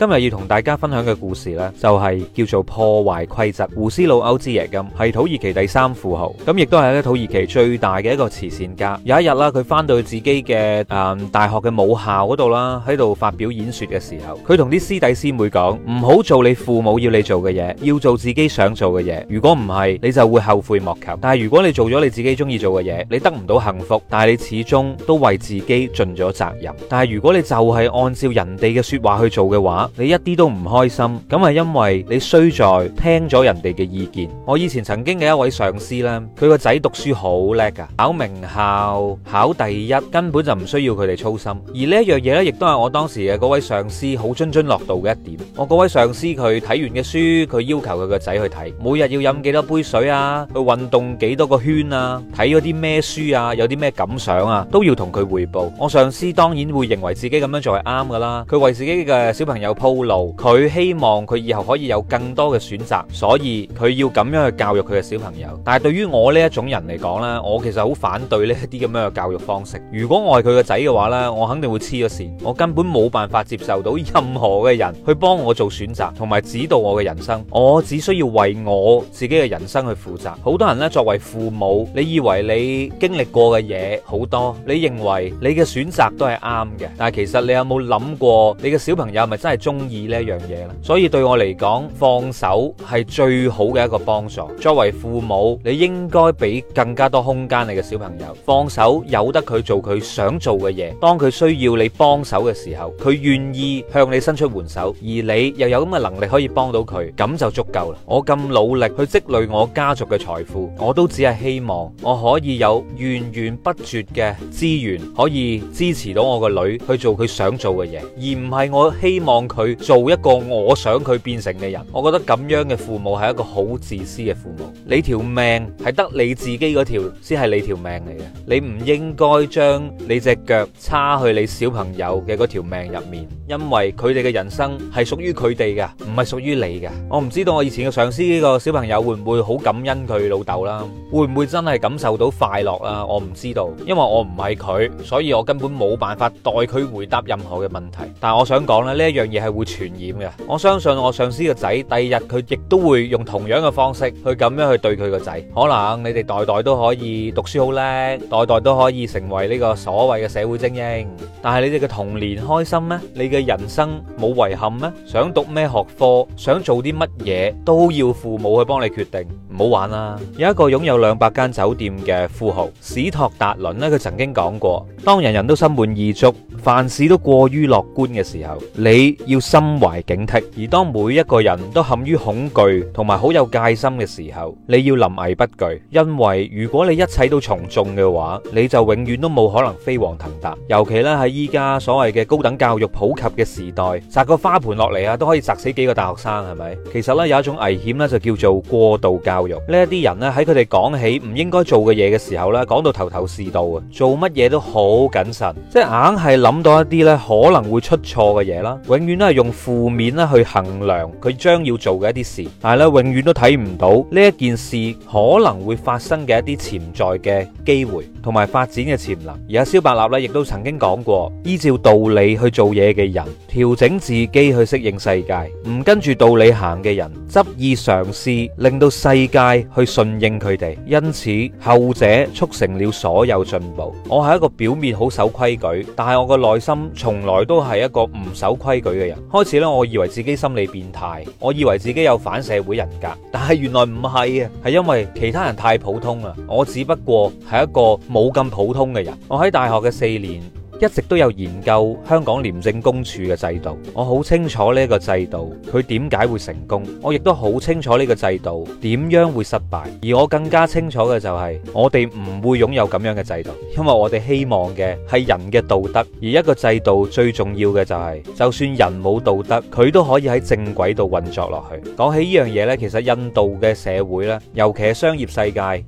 今日要同大家分享嘅故事呢，就係、是、叫做破壞規則。胡思老歐之耶金係土耳其第三富豪，咁亦都係咧土耳其最大嘅一個慈善家。有一日啦，佢返到自己嘅誒、嗯、大學嘅母校嗰度啦，喺度發表演說嘅時候，佢同啲師弟師妹講：唔好做你父母要你做嘅嘢，要做自己想做嘅嘢。如果唔係，你就會後悔莫及。但係如果你做咗你自己中意做嘅嘢，你得唔到幸福，但係你始終都為自己盡咗責任。但係如果你就係按照人哋嘅說話去做嘅話，你一啲都唔開心，咁係因為你衰在聽咗人哋嘅意見。我以前曾經嘅一位上司咧，佢個仔讀書好叻噶，考名校、考第一，根本就唔需要佢哋操心。而呢一樣嘢咧，亦都係我當時嘅嗰位上司好津津樂道嘅一點。我嗰位上司佢睇完嘅書，佢要求佢個仔去睇，每日要飲幾多杯水啊，去運動幾多個圈啊，睇咗啲咩書啊，有啲咩感想啊，都要同佢彙報。我上司當然會認為自己咁樣做係啱噶啦，佢為自己嘅小朋友鋪路，佢希望佢以後可以有更多嘅選擇，所以佢要咁樣去教育佢嘅小朋友。但係對於我呢一種人嚟講呢，我其實好反對呢一啲咁樣嘅教育方式。如果我係佢個仔嘅話呢，我肯定會黐咗線，我根本冇辦法接受到任何嘅人去幫我做選擇同埋指導我嘅人生。我只需要為我自己嘅人生去負責。好多人呢，作為父母，你以為你經歷過嘅嘢好多，你認為你嘅選擇都係啱嘅，但係其實你有冇諗過，你嘅小朋友係咪真係中意呢一樣嘢啦，所以對我嚟講，放手係最好嘅一個幫助。作為父母，你應該俾更加多空間你嘅小朋友，放手，由得佢做佢想做嘅嘢。當佢需要你幫手嘅時候，佢願意向你伸出援手，而你又有咁嘅能力可以幫到佢，咁就足夠啦。我咁努力去積累我家族嘅財富，我都只係希望我可以有源源不絕嘅資源，可以支持到我個女去做佢想做嘅嘢，而唔係我希望。佢做一個我想佢變成嘅人，我覺得咁樣嘅父母係一個好自私嘅父母。你條命係得你自己嗰條先係你條命嚟嘅，你唔應該將你隻腳插去你小朋友嘅嗰條命入面，因為佢哋嘅人生係屬於佢哋嘅，唔係屬於你嘅。我唔知道我以前嘅上司呢個小朋友會唔會好感恩佢老豆啦，會唔會真係感受到快樂啊，我唔知道，因為我唔係佢，所以我根本冇辦法代佢回答任何嘅問題，但係我想講咧，呢一樣嘢。係會傳染嘅，我相信我上司個仔第二日佢亦都會用同樣嘅方式去咁樣去對佢個仔。可能你哋代代都可以讀書好叻，代代都可以成為呢個所謂嘅社會精英。但係你哋嘅童年開心咩？你嘅人生冇遺憾咩？想讀咩學科，想做啲乜嘢都要父母去幫你決定。好玩啦！有一個擁有兩百間酒店嘅富豪史托達倫咧，佢曾經講過：當人人都心滿意足，凡事都過於樂觀嘅時候，你要心懷警惕；而當每一個人都陷於恐懼同埋好有戒心嘅時候，你要臨危不懼。因為如果你一切都從眾嘅話，你就永遠都冇可能飛黃騰達。尤其咧喺依家所謂嘅高等教育普及嘅時代，摘個花盆落嚟啊，都可以砸死幾個大學生，係咪？其實咧有一種危險咧，就叫做過度教育。呢一啲人咧，喺佢哋講起唔應該做嘅嘢嘅時候咧，講到頭頭是道啊，做乜嘢都好謹慎，即係硬係諗到一啲咧可能會出錯嘅嘢啦，永遠都係用負面咧去衡量佢將要做嘅一啲事，但係咧永遠都睇唔到呢一件事可能會發生嘅一啲潛在嘅機會同埋發展嘅潛能。而阿蕭伯納咧亦都曾經講過，依照道理去做嘢嘅人，調整自己去適應世界；唔跟住道理行嘅人，執意嘗試令到世。界去順應佢哋，因此後者促成了所有進步。我係一個表面好守規矩，但係我個內心從來都係一個唔守規矩嘅人。開始咧，我以為自己心理變態，我以為自己有反社會人格，但係原來唔係啊，係因為其他人太普通啦，我只不過係一個冇咁普通嘅人。我喺大學嘅四年一直都有研究香港廉政公署嘅制度，我好清楚呢個制度佢點解會成功，我亦都好清楚呢個制度點樣會失敗，而我更加清楚嘅就係我哋唔會擁有咁樣嘅制度，因為我哋希望嘅係人嘅道德，而一個制度最重要嘅就係，就算人冇道德，佢都可以喺正軌度運作落去。講起呢樣嘢咧，其實印度嘅社會咧，尤其係商業世界，賄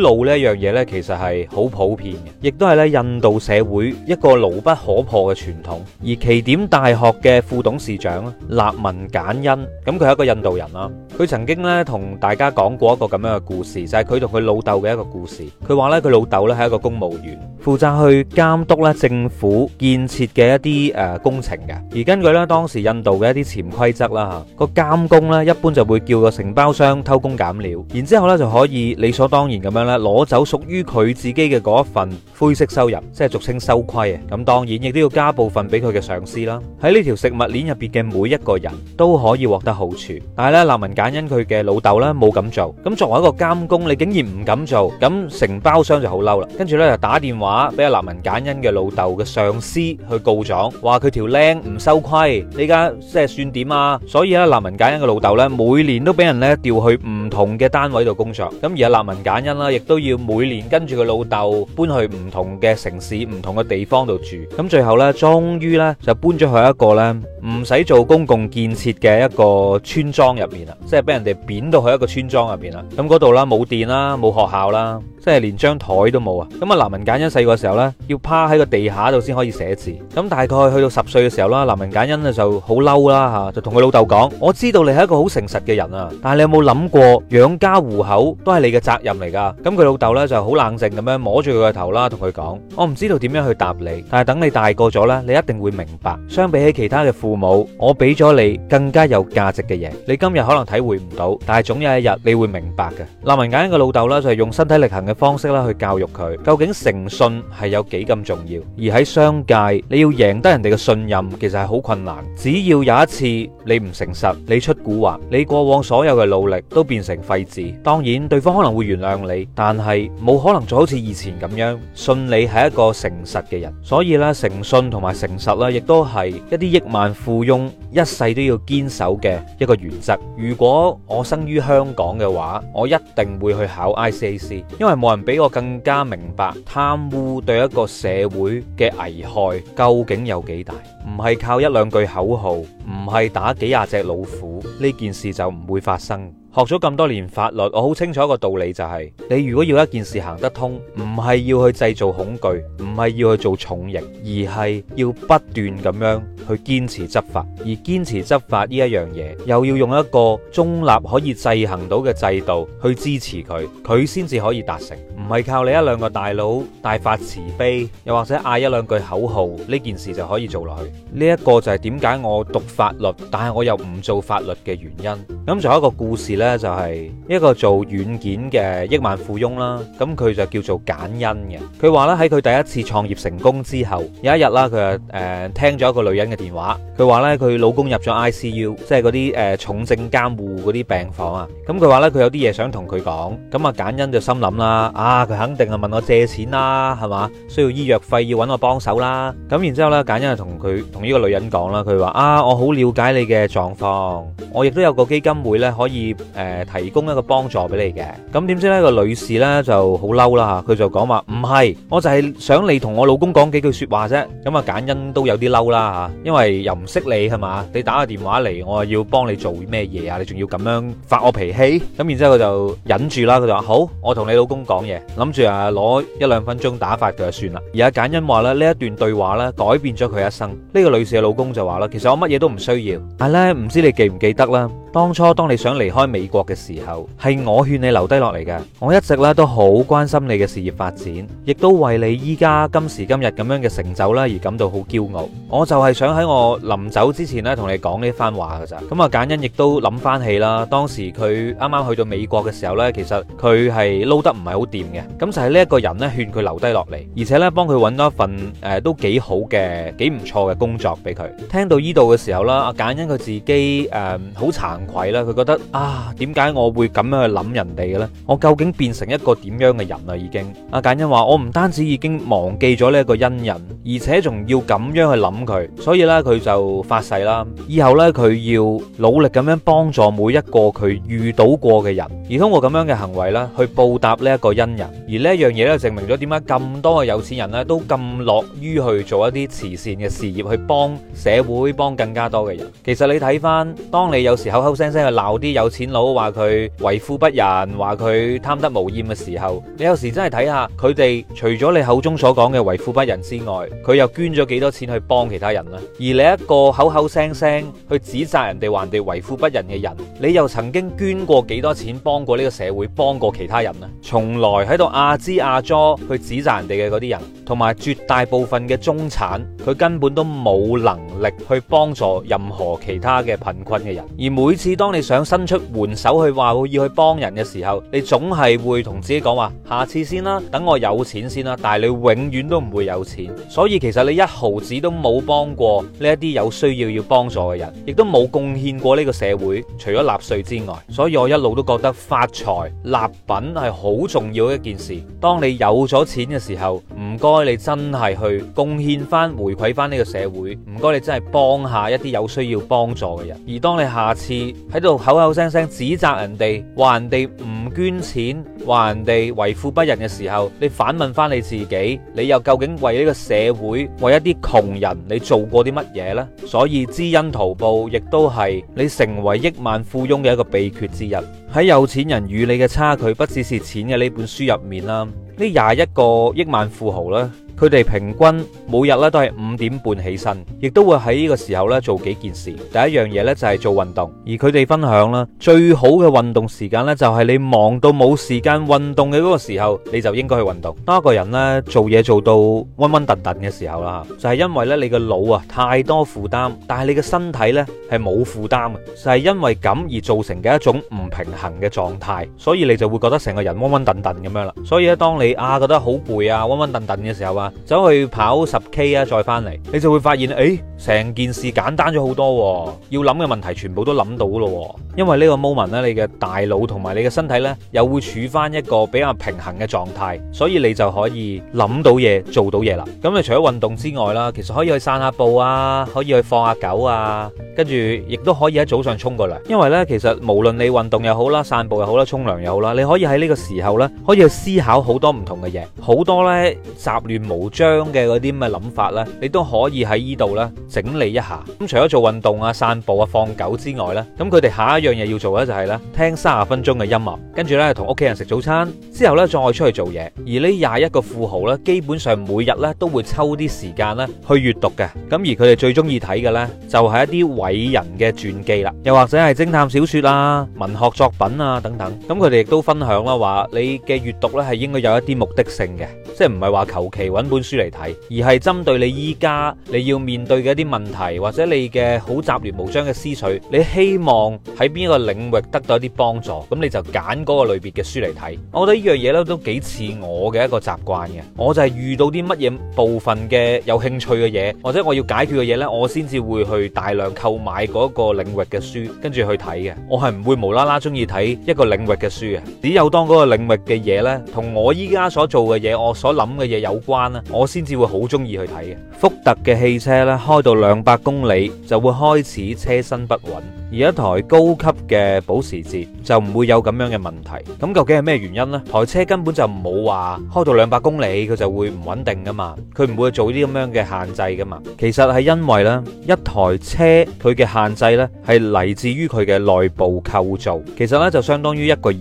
賂呢一樣嘢咧，其實係好普遍嘅，亦都係咧印度社會一個。牢不可破嘅傳統，而奇點大學嘅副董事長納文簡恩，咁，佢係一個印度人啦。佢曾經咧同大家講過一個咁樣嘅故事，就係佢同佢老豆嘅一個故事。佢話咧，佢老豆咧係一個公務員，負責去監督咧政府建設嘅一啲誒工程嘅。而根據咧當時印度嘅一啲潛規則啦，個監工咧一般就會叫個承包商偷工減料，然之後咧就可以理所當然咁樣咧攞走屬於佢自己嘅嗰一份灰色收入，即係俗稱收規啊。咁當然亦都要加部分俾佢嘅上司啦。喺呢條食物鏈入邊嘅每一個人都可以獲得好處，但係咧，納文簡恩佢嘅老豆咧冇咁做。咁作為一個監工，你竟然唔敢做，咁承包商就好嬲啦。跟住咧就打電話俾阿納文簡恩嘅老豆嘅上司去告狀，話佢條靚唔收規，呢家即係算點啊？所以咧，納文簡恩嘅老豆咧每年都俾人咧調去唔同嘅單位度工作。咁而阿納文簡恩啦，亦都要每年跟住佢老豆搬去唔同嘅城市、唔同嘅地方度。咁最後呢，終於呢，就搬咗去一個呢唔使做公共建設嘅一個村莊入面啦，即係俾人哋貶到去一個村莊入面啦。咁嗰度啦，冇電啦，冇學校啦。即係連張台都冇啊！咁啊，林文簡恩細個嘅時候咧，要趴喺個地下度先可以寫字。咁大概去到十歲嘅時候啦，林文簡恩咧就好嬲啦吓，就同佢老豆講：我知道你係一個好誠實嘅人啊，但係你有冇諗過養家糊口都係你嘅責任嚟噶？咁佢老豆咧就好冷靜咁樣摸住佢個頭啦，同佢講：我唔知道點樣去答你，但係等你大個咗咧，你一定會明白。相比起其他嘅父母，我俾咗你更加有價值嘅嘢，你今日可能體會唔到，但係總有一日你會明白嘅。林文簡恩嘅老豆咧就係用身體力行嘅方式啦，去教育佢究竟誠信係有幾咁重要，而喺商界，你要贏得人哋嘅信任，其實係好困難。只要有一次你唔誠實，你出蠱惑，你過往所有嘅努力都變成廢紙。當然，對方可能會原諒你，但係冇可能再好似以前咁樣信你係一個誠實嘅人。所以咧，誠信同埋誠實咧，亦都係一啲億萬富翁一世都要堅守嘅一個原則。如果我生於香港嘅話，我一定會去考 ICAC，因為我。冇人比我更加明白貪污對一個社會嘅危害，究竟有幾大，唔係靠一兩句口號，唔係打幾廿隻老虎，呢件事就唔會發生。學咗咁多年法律，我好清楚一個道理就係、是，你如果要一件事行得通，唔係要去製造恐懼，唔係要去做重刑，而係要不斷咁樣去堅持執法，而堅持執法呢一樣嘢，又要用一個中立可以制衡到嘅制度去支持佢，佢先至可以達成，唔係靠你一兩個大佬大發慈悲，又或者嗌一兩句口號，呢件事就可以做落去。呢、這、一個就係點解我讀法律，但係我又唔做法律嘅原因。咁仲有一個故事呢。咧就係一個做軟件嘅億萬富翁啦，咁佢就叫做簡恩嘅。佢話咧喺佢第一次創業成功之後，有一日啦，佢、呃、誒聽咗一個女人嘅電話，佢話咧佢老公入咗 ICU，即係嗰啲誒重症監護嗰啲病房啊。咁佢話咧佢有啲嘢想同佢講，咁啊簡恩就心諗啦，啊佢肯定係問我借錢啦，係嘛？需要醫藥費要揾我幫手啦。咁然之後咧，簡恩就同佢同呢個女人講啦，佢話啊，我好了解你嘅狀況，我亦都有個基金會咧可以。誒，提供一個幫助俾你嘅，咁點知呢個女士咧就好嬲啦吓，佢就講話唔係，我就係想你同我老公講幾句說話啫。咁啊簡恩都有啲嬲啦吓，因為又唔識你係嘛，你打個電話嚟，我又要幫你做咩嘢啊？你仲要咁樣發我脾氣？咁然之後佢就忍住啦，佢就話好，我同你老公講嘢，諗住啊攞一兩分鐘打發佢就算啦。而阿簡恩話咧呢一段對話咧改變咗佢一生。呢個女士嘅老公就話啦，其實我乜嘢都唔需要，但係咧唔知你記唔記得啦。當初當你想離開美國嘅時候，係我勸你留低落嚟嘅。我一直咧都好關心你嘅事業發展，亦都為你依家今時今日咁樣嘅成就啦而感到好驕傲。我就係想喺我臨走之前咧同你講呢番話㗎咋。咁啊簡恩亦都諗翻起啦，當時佢啱啱去到美國嘅時候呢，其實佢係撈得唔係好掂嘅。咁就係呢一個人呢勸佢留低落嚟，而且呢幫佢揾到一份誒、呃、都幾好嘅幾唔錯嘅工作俾佢。聽到依度嘅時候啦，阿簡恩佢自己誒好、呃、殘。鬼啦，佢覺得啊，點解我會咁樣去諗人哋嘅咧？我究竟變成一個點樣嘅人啊？已經阿、啊、簡恩話，我唔單止已經忘記咗呢一個恩人。而且仲要咁樣去諗佢，所以咧佢就發誓啦，以後咧佢要努力咁樣幫助每一個佢遇到過嘅人，而通過咁樣嘅行為咧，去報答呢一個恩人。而呢一樣嘢咧，證明咗點解咁多嘅有錢人咧，都咁樂於去做一啲慈善嘅事業，去幫社會，幫更加多嘅人。其實你睇翻，當你有時口口聲聲去鬧啲有錢佬，話佢為富不仁，話佢貪得無厭嘅時候，你有時真係睇下佢哋，除咗你口中所講嘅為富不仁之外，佢又捐咗幾多錢去幫其他人啦？而你一個口口聲聲去指責人哋，話人哋為富不仁嘅人，你又曾經捐過幾多錢幫過呢個社會、幫過其他人啦？從來喺度阿支阿佐去指責人哋嘅嗰啲人，同埋絕大部分嘅中產，佢根本都冇能力去幫助任何其他嘅貧困嘅人。而每次當你想伸出援手去話要去幫人嘅時候，你總係會同自己講話：下次先啦，等我有錢先啦。但係你永遠都唔會有錢，所所以其實你一毫子都冇幫過呢一啲有需要要幫助嘅人，亦都冇貢獻過呢個社會，除咗納稅之外。所以我一路都覺得發財立品係好重要一件事。當你有咗錢嘅時候，唔該你真係去貢獻翻回饋翻呢個社會，唔該你真係幫下一啲有需要幫助嘅人。而當你下次喺度口口聲聲指責人哋，話人哋唔捐錢話人哋，為富不仁嘅時候，你反問翻你自己，你又究竟為呢個社會、為一啲窮人，你做過啲乜嘢呢？所以知恩圖報亦都係你成為億萬富翁嘅一個秘訣之一。喺《有錢人與你嘅差距》不只是錢嘅呢本書入面啦，呢廿一個億萬富豪啦。佢哋平均每日咧都係五點半起身，亦都會喺呢個時候咧做幾件事。第一樣嘢咧就係做運動，而佢哋分享咧最好嘅運動時間咧就係你忙到冇時間運動嘅嗰個時候，你就應該去運動。當一個人咧做嘢做到暈暈沌沌嘅時候啦，就係因為咧你個腦啊太多負擔，但係你嘅身體咧係冇負擔嘅，就係因為咁而造成嘅一種唔平衡嘅狀態，所以你就會覺得成個人暈暈沌沌咁樣啦。所以咧當你啊覺得好攰啊暈暈沌沌嘅時候啊。走去跑十 K 啊，再翻嚟，你就會發現誒，成件事簡單咗好多，要諗嘅問題全部都諗到咯。因為呢個 moment 咧，你嘅大腦同埋你嘅身體咧，又會處翻一個比較平衡嘅狀態，所以你就可以諗到嘢，做到嘢啦。咁你除咗運動之外啦，其實可以去散下步啊，可以去放下狗啊，跟住亦都可以喺早上沖過嚟。因為咧，其實無論你運動又好啦，散步又好啦，沖涼又好啦，你可以喺呢個時候咧，可以去思考好多唔同嘅嘢，好多咧雜亂無。無章嘅嗰啲咁嘅諗法咧，你都可以喺依度咧整理一下。咁除咗做運動啊、散步啊、放狗之外咧，咁佢哋下一樣嘢要做咧就係咧聽三十分鐘嘅音樂，跟住咧同屋企人食早餐，之後咧再出去做嘢。而呢廿一個富豪咧，基本上每日咧都會抽啲時間咧去閱讀嘅。咁而佢哋最中意睇嘅咧就係一啲偉人嘅傳記啦，又或者係偵探小說啊、文學作品啊等等。咁佢哋亦都分享啦，話你嘅閱讀咧係應該有一啲目的性嘅。即係唔係話求其揾本書嚟睇，而係針對你依家你要面對嘅一啲問題，或者你嘅好雜亂無章嘅思緒，你希望喺邊個領域得到一啲幫助，咁你就揀嗰個類別嘅書嚟睇。我覺得呢樣嘢咧都幾似我嘅一個習慣嘅，我就係遇到啲乜嘢部分嘅有興趣嘅嘢，或者我要解決嘅嘢呢，我先至會去大量購買嗰個領域嘅書，跟住去睇嘅。我係唔會無啦啦中意睇一個領域嘅書嘅，只有當嗰個領域嘅嘢呢，同我依家所做嘅嘢我，所諗嘅嘢有關啦，我先至會好中意去睇嘅。福特嘅汽車咧，開到兩百公里就會開始車身不穩，而一台高級嘅保時捷就唔會有咁樣嘅問題。咁究竟係咩原因呢？台車根本就冇話開到兩百公里佢就會唔穩定噶嘛，佢唔會做啲咁樣嘅限制噶嘛。其實係因為咧，一台車佢嘅限制咧係嚟自於佢嘅內部構造。其實咧就相當於一個人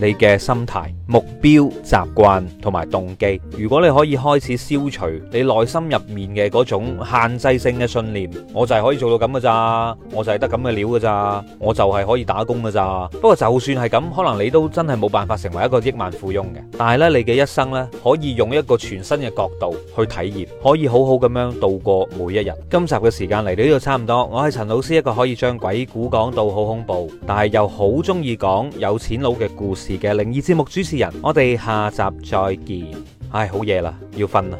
你嘅心態。目標、習慣同埋動機。如果你可以開始消除你內心入面嘅嗰種限制性嘅信念，我就係可以做到咁噶咋。我就係得咁嘅料噶咋。我就係可以打工噶咋。不過就算係咁，可能你都真係冇辦法成為一個億萬富翁嘅。但係咧，你嘅一生咧，可以用一個全新嘅角度去體驗，可以好好咁樣度過每一日。今集嘅時間嚟到呢度差唔多。我係陳老師，一個可以將鬼故講到好恐怖，但係又好中意講有錢佬嘅故事嘅靈異節目主持人。我哋下集再見。唉、哎，好夜啦，要瞓啦。